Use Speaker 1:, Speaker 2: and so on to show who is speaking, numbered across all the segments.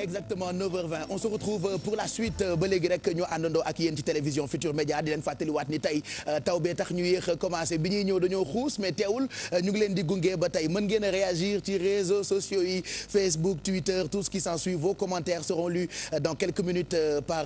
Speaker 1: est exactement 9h20 on se retrouve euh, pour la suite euh, ba léegi rek ñu àndandoo ak yéen ci télévision Futur Média di leen fàttaliwaat ni tey euh, taw bee tax ñu yéex a commencé bi ñuy ñëw dañoo xuus mais teewul ñu ngi leen di gunge ba tey man ngeen a réagir ci réseaux sociaux yi Facebook Twitter tout ce qui s'ensuit vos commentaires seront lus dans quelques minutes par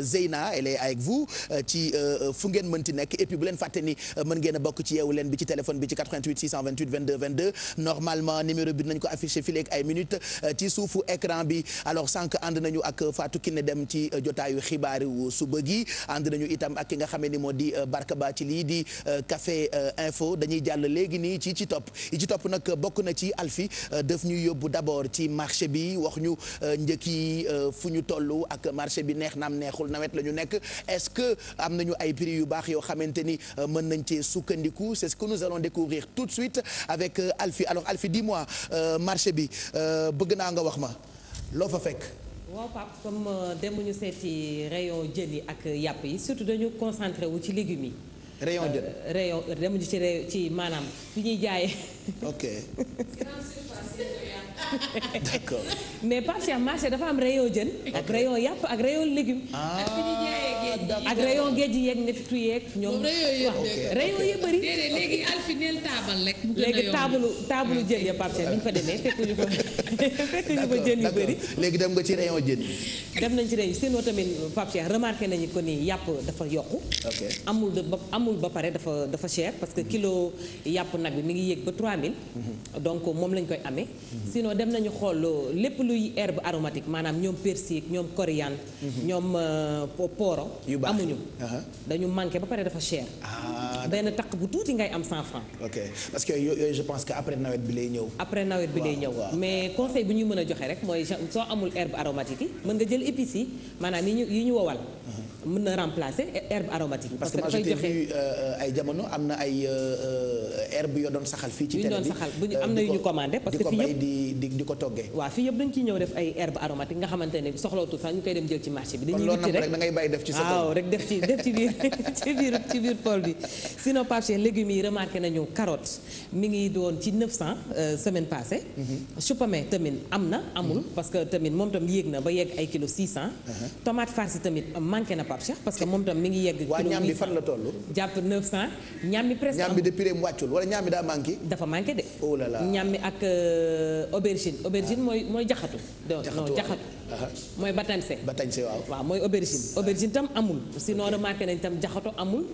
Speaker 1: Zeyna elle avec vous ci fu ngeen mën ti nekk et puis bu leen fàtte ni mën ngeen a bokk ci yeewu leen bi ci téléphone bi ci 88 628 22 22 normalement numéro bi dinañ ko affiché fii léegi ay minutes ci suufu écran bi alors sànq ànd nañu ak Fatou Kiné dem ci euh, jotaayu xibaari su suba gi ànd nañu itam ak ki nga xame ni moo di euh, barka ba ci lii di euh, café info dañuy jàll léegi nii ci ci topp yi ci topp nag bokk na ci alfi daf ñuy yóbbu d'abord ci marché bi wax ñu njëkk yi fu ñu toll ak marché bi neex naam neexul nawet la ñu nekk est-ce que am nañu ay prix yu baax yoo xamante ni mën nañ cee sukkandiku c'est ce que nous allons découvrir tout de suite avec Alfi alors Alfi dis-moi marché bi bëgg naa nga wax ma loo fa fekk.
Speaker 2: waaw Pape comme euh, dem ñu seeti rayon jën yi ak yàpp yi surtout dañu concentré wu ci légumes yi. rayon jën euh, rayon dem ñu ci rayon ci maanaam fi ñuy jaayee. ok. d'accord mais Pape Cheikh marché dafa am rayon jën. ak rayon yàpp ak rayon légumes. Ah, ak fi rayon géej yeeg nefitu yeeg. ñoom rayon yi bëri. déedéet léegi alfi neel taabal rek. mu gën a léegi taabalu taabalu jën ya Pape Cheikh bi fa demee fekkuñu ko. fekk ñu ba jën yu bëri léegi dem nga ci rayon jën dem nañ ci rayon seen tamit Pape Cheikh remarqué nañu ko nii yàpp dafa yokku amul ba amul ba pare dafa dafa cher parce que mhm. kilo yàpp nag bi mi ngi yéeg ba mille mhm. donc moom lañ koy amee mhm. sinon dem nañu xool lépp luy herbe aromatique maanaam ñoom persil ñoom coriandre ñoom euh, poro amuñu uh-huh. dañu manqué ba pare dafa cher ah, benn takk bu tuuti ngay am 100 francs ok
Speaker 1: parce que yooyu je pense que après nawet bi lay ñëw
Speaker 2: après nawet bi lay ñëw conseil bu ñuy mën a joxe rek mooy soo amul herbe aromatique yi mën nga jël épices yi maanaam yi ñu yi ñu wowal. Mhm. mën na remplacer herbe aromatique yi. parce que dafay joxe
Speaker 1: euh, euh, ay jamono am na ay euh, herbe yoo doon saxal fii ci. télé bi bu ñu am na yu ñu commandé. parce que fii yëpp di di di ko
Speaker 2: toggee. waaw fii yëpp dañ ciy ñëw def ay herbe aromatique nga xamante ne soxlootul sax ñu koy dem jël ci marché bi. dañuy witti rek da bàyyi def ci sa waaw tool bi. sinon Pape Cheikh légumes yi remarqué nañu carotte mi ngi doon ci 900 semaine passée. Mhm. tamit am na amul mm-hmm. parce que tamit moom tam yéeg na ba yegg ay kilo 600. Uh-huh. tomate farci tamit manqué na Pape Cheikh parce que moom tam mi ngi yegg. kilo 800 waaw ñaam fan la toll. jàpp 900 ñaam bi presque. ñaam bi de prix mu wàccul wala ñaam daal daa dafa manqué de. oh là là ñaam ak euh, aubergine. aubergine ah. mooy mooy jaxatu. jaxatu non jaxatu. Uh-huh. mooy batañse batañse waaw waaw mooy aubergine uh-huh. aubergine tam amul sinon remarqué nañ tam jaxato amul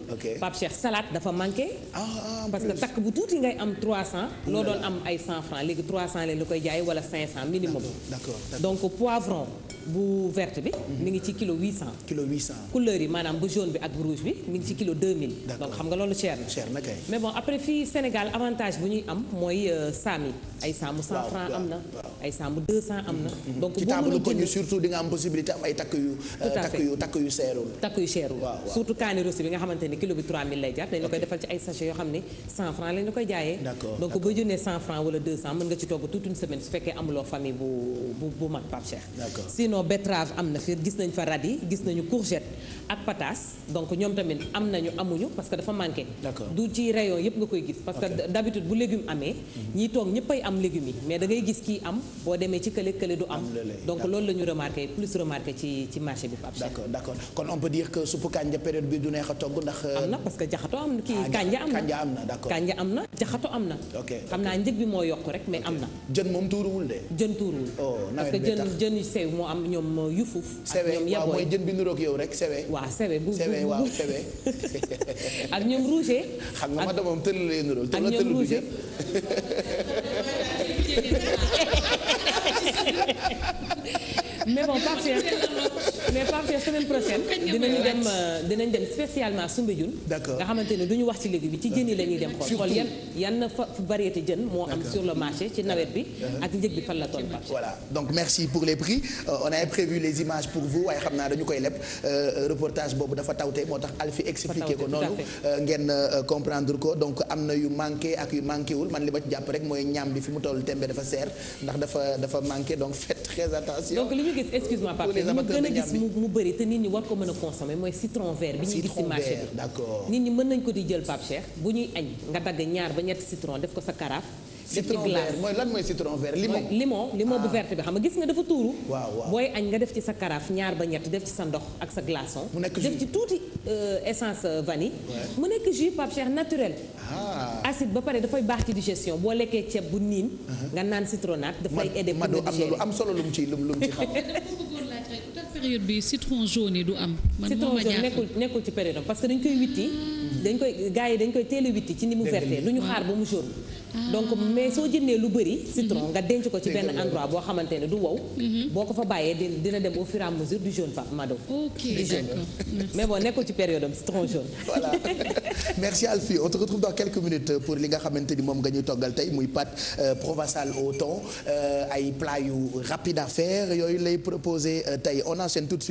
Speaker 2: Pape Cheikh dafa manqué ah, ah, parce que takk bu tuuti ngay am 300 loo doon am ay 100 francs léegi 300 leen lu koy jaay wala 500 minimum d'accord donc poivron bu verte bi. mi ngi ci kilo 800. kilo 800 couleur yi maanaam bu jaune bi ak bu rouge bi mi ngi ci kilo 2000. donc xam nga loolu cher na. cher kay mais bon après fii Sénégal avantage bu ñuy am mooy saam euh, yi ay saamu 100 francs am na. ay saamu 200 am na.
Speaker 1: Mm-hmm. donc boo mënul jënd surtout nga am possibilité ay takk yu. Euh, takk yu takk
Speaker 2: yu seerul. takk yu seerul surtout kaani russi bi nga xamante kilo bi 3000 lay jar dañ la koy defal ci ay sachet yoo xam ne 100 francs lañ la koy jaayee. donc boo jëndee 100 francs wala 200 mën nga ci togg toute une sinon betterave am na fi gis nañ fa radis gis nañu courgette ak pataas donc ñoom tamit am nañu amuñu parce que dafa manqué. du ci rayon yëpp nga koy gis. parce que d'habitude bu légume amee. Mhm. ñiy toog ñëppay am légumes yi mais da ngay gis kii am boo demee ci kële kële du am. donc loolu la ñu remarqué plus remarqué ci ci marché bi. d' accord d' accord kon on peut dire que suppu kanja période bi du neex a togg ndax. Euh, am na parce que jaxato am na kii kanja am na kanja am na d' accord kanja am na jaxato am na. ok xam naa njëg bi moo yokk rek mais am na. jën moom tuuruwul de. jën tuuruwul. Oh, parce que jën jën yu sew moo am am ñoom yufuf. ak ñoom yeboy waaw mooy jën bi niroog yow rek sewe. waaw sewe bu sewe waaw sewe. ak ñoom rouge. xam nga ma dama moom
Speaker 1: tëll lay nirool. ak ñoom rouge
Speaker 2: mais bon Pape Cheikh mais par contre semaine prochaine dinañu dem euh, dem spécialement Soumbédioune nga xamante ne du ñu wax ci légumes yi ci jën yi la ñuy dem xool xool yan yan fa variété jën moo am sur le marché ci nawet bi uh-huh. ak njëg bi fan la toll voilà
Speaker 1: donc merci pour le prix euh, on avait prévu les images pour vous waaye xam naa dañu koy leb euh, reportage boobu dafa taw tawte moo tax Alfi expliqué ko noonu ngeen comprendre ko donc am na yu manqué ak yu manqué wul man li ma jàpp rek mooy ñam bi fi mu toll tembe dafa seer ndax dafa dafa manqué donc
Speaker 2: mu mu bëri te nit ñi war ko mën a consommer mooy citron vert bi ñu gis ci marché bi nit ñi mën nañ ko di jël Pape Cheikh bu ñuy añ nga dagg ñaar ba ñetti citron def ko sa karaaf citron vert lan mooy citron vert limon limon limon bu ah. verte bi xam nga gis nga dafa tuuru booy añ nga def ci sa karaaf ñaar ba ñett def ci sa ndox ak sa glaçon def ci tuuti euh, essence euh, vanille mu nekk jus Pape Cheikh naturel ah. acide ba pare dafay baax ci digestion boo lekkee ceeb bu niin uh-huh. nga naan citronnade dafay aider pour digérer
Speaker 1: am na lu am solo lu mu ci lu mu
Speaker 2: période bi citron jaune yi du am. man moom ma jaaxal nekkul nekkul ci période am parce que dañ koy witti. dañ koy gars dañ koy teel a witti ci ni mu vertee lu ñu xaar ba mu jaune. Ah. donc mais soo jëndee lu bëri. citron mhm. nga denc ko ci benn endroit boo xamante ne du wow. Mhm. boo ko fa bàyyee dina dem au fur et à mesure du jaune Pape mais bon nekkul ci période am citron jaune. voilà.
Speaker 1: merci Alfie on te retrouve dans quelques minutes pour li nga xamante ni moom nga ñuy toggal tey muy pâte euh, provençale au thon euh, ay plat yu rapide à faire yooyu lay proposer euh, tey on enchaîne tout de suite.